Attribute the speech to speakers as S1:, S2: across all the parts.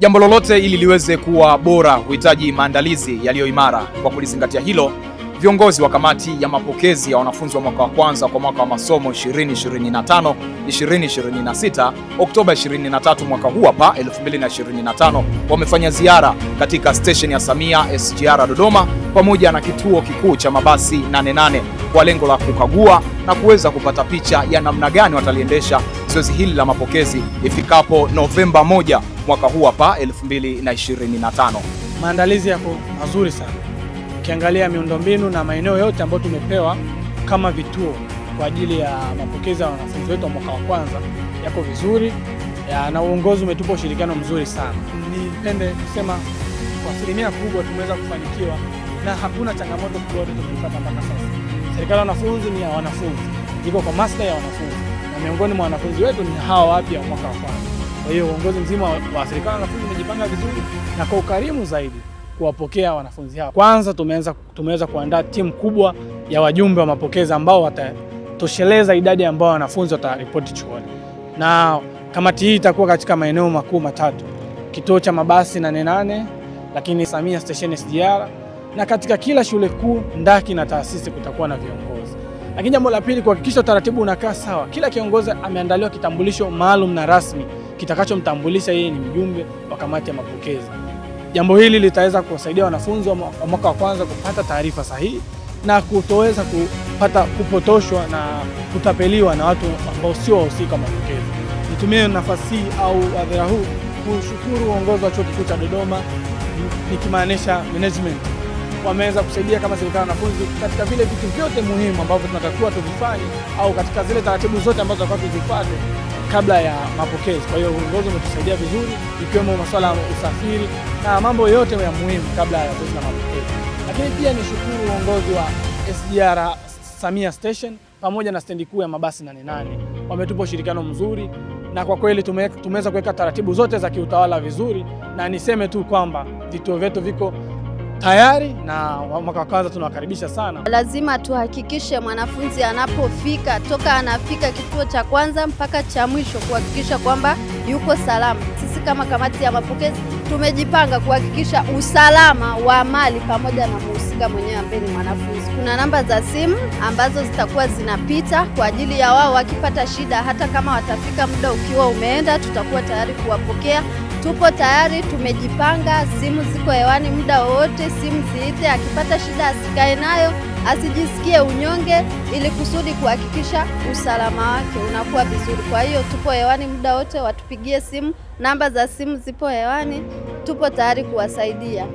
S1: Jambo lolote ili liweze kuwa bora huhitaji maandalizi yaliyo imara. Kwa kulizingatia hilo, viongozi wa kamati ya mapokezi ya wanafunzi wa mwaka wa kwanza kwa mwaka wa masomo 2025 2026 Oktoba 23 mwaka huu hapa 2025 wamefanya ziara katika stesheni ya Samia SGR Dodoma pamoja na kituo kikuu cha mabasi 88 kwa lengo la kukagua na kuweza kupata picha ya namna gani wataliendesha zoezi hili la mapokezi ifikapo Novemba moja mwaka huu hapa 2025.
S2: Maandalizi yako mazuri sana, ukiangalia miundombinu na maeneo yote ambayo tumepewa kama vituo kwa ajili ya mapokezi ya wanafunzi wetu wa mwaka wa kwanza yako vizuri ya, na uongozi umetupa ushirikiano mzuri sana. Nipende kusema kwa asilimia kubwa tumeweza kufanikiwa na hakuna changamoto kubwa tulizopata mpaka sasa. Serikali ya wanafunzi ni ya wanafunzi, iko kwa maslahi ya wanafunzi miongoni mwa wanafunzi wetu ni hawa wapya wa mwaka wa kwanza. Kwa hiyo uongozi mzima wa serikali wanafunzi umejipanga vizuri na kwa ukarimu zaidi kuwapokea wanafunzi hawa. Kwanza tumeweza tumeweza kuandaa timu kubwa ya wajumbe wa mapokezi ambao watatosheleza idadi ambao wanafunzi wataripoti chuoni, na kamati hii itakuwa katika maeneo makuu matatu: kituo cha mabasi Nane Nane, lakini Samia Station SGR, na katika kila shule kuu, ndaki na taasisi kutakuwa na viongozi. Lakini jambo la pili, kuhakikisha utaratibu unakaa sawa. Kila kiongozi ameandaliwa kitambulisho maalum na rasmi kitakachomtambulisha yeye ni mjumbe wa kamati ya mapokezi. Jambo hili litaweza kuwasaidia wanafunzi wa mwaka wa kwanza kupata taarifa sahihi na kutoweza kupata kupotoshwa na kutapeliwa na watu ambao sio wahusika wa mapokezi. Nitumie nafasi hii au hadhira huu kushukuru uongozi wa Chuo Kikuu cha Dodoma, nikimaanisha management wameweza kusaidia kama serikali wanafunzi katika vile vitu vyote muhimu ambavyo tunatakiwa tuvifanye, au katika zile taratibu zote ambazo tunatakiwa tuzifuate kabla ya mapokezi. Kwa hiyo uongozi umetusaidia vizuri, ikiwemo masuala ya usafiri na mambo yote ya muhimu kabla ya zoezi mapokezi. Lakini pia ni shukuru uongozi wa SGR Samia Station pamoja na stendi kuu ya mabasi Nane Nane, wametupa ushirikiano mzuri na kwa kweli tumeweza kuweka taratibu zote za kiutawala vizuri, na niseme tu kwamba vituo vyetu viko tayari na mwaka wa kwanza tunawakaribisha sana.
S3: Lazima tuhakikishe mwanafunzi anapofika, toka anafika kituo cha kwanza mpaka cha mwisho, kuhakikisha kwamba yuko salama. Sisi kama kamati ya mapokezi tumejipanga kuhakikisha usalama wa mali pamoja na mhusika mwenyewe ambaye ni mwanafunzi. Kuna namba za simu ambazo zitakuwa zinapita kwa ajili ya wao wakipata shida, hata kama watafika muda ukiwa umeenda, tutakuwa tayari kuwapokea. Tuko tayari, tumejipanga. Simu ziko hewani muda wowote, simu ziite. Akipata shida asikae nayo asijisikie unyonge, ili kusudi kuhakikisha usalama wake unakuwa vizuri. Kwa hiyo tupo hewani muda wote, watupigie simu, namba za simu zipo hewani, tupo tayari kuwasaidia.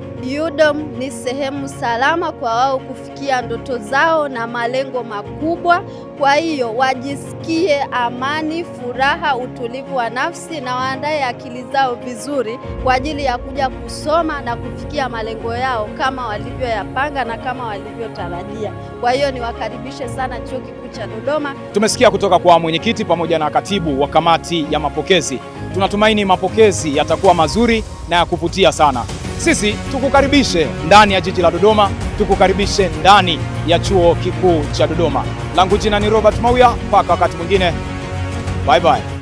S3: UDOM ni sehemu salama kwa wao kufikia ndoto zao na malengo makubwa. Kwa hiyo wajisikie amani, furaha, utulivu wa nafsi na waandae akili zao vizuri kwa ajili ya kuja kusoma na kufikia malengo yao kama walivyoyapanga na kama walivyotarajia kutufikia. Kwa hiyo niwakaribishe sana Chuo Kikuu cha Dodoma.
S1: Tumesikia kutoka kwa mwenyekiti pamoja na katibu wa kamati ya mapokezi. Tunatumaini mapokezi yatakuwa mazuri na ya kuvutia sana. Sisi tukukaribishe ndani ya jiji la Dodoma, tukukaribishe ndani ya Chuo Kikuu cha Dodoma. Langu jina ni Robert Mauya, mpaka wakati mwingine, bye bye.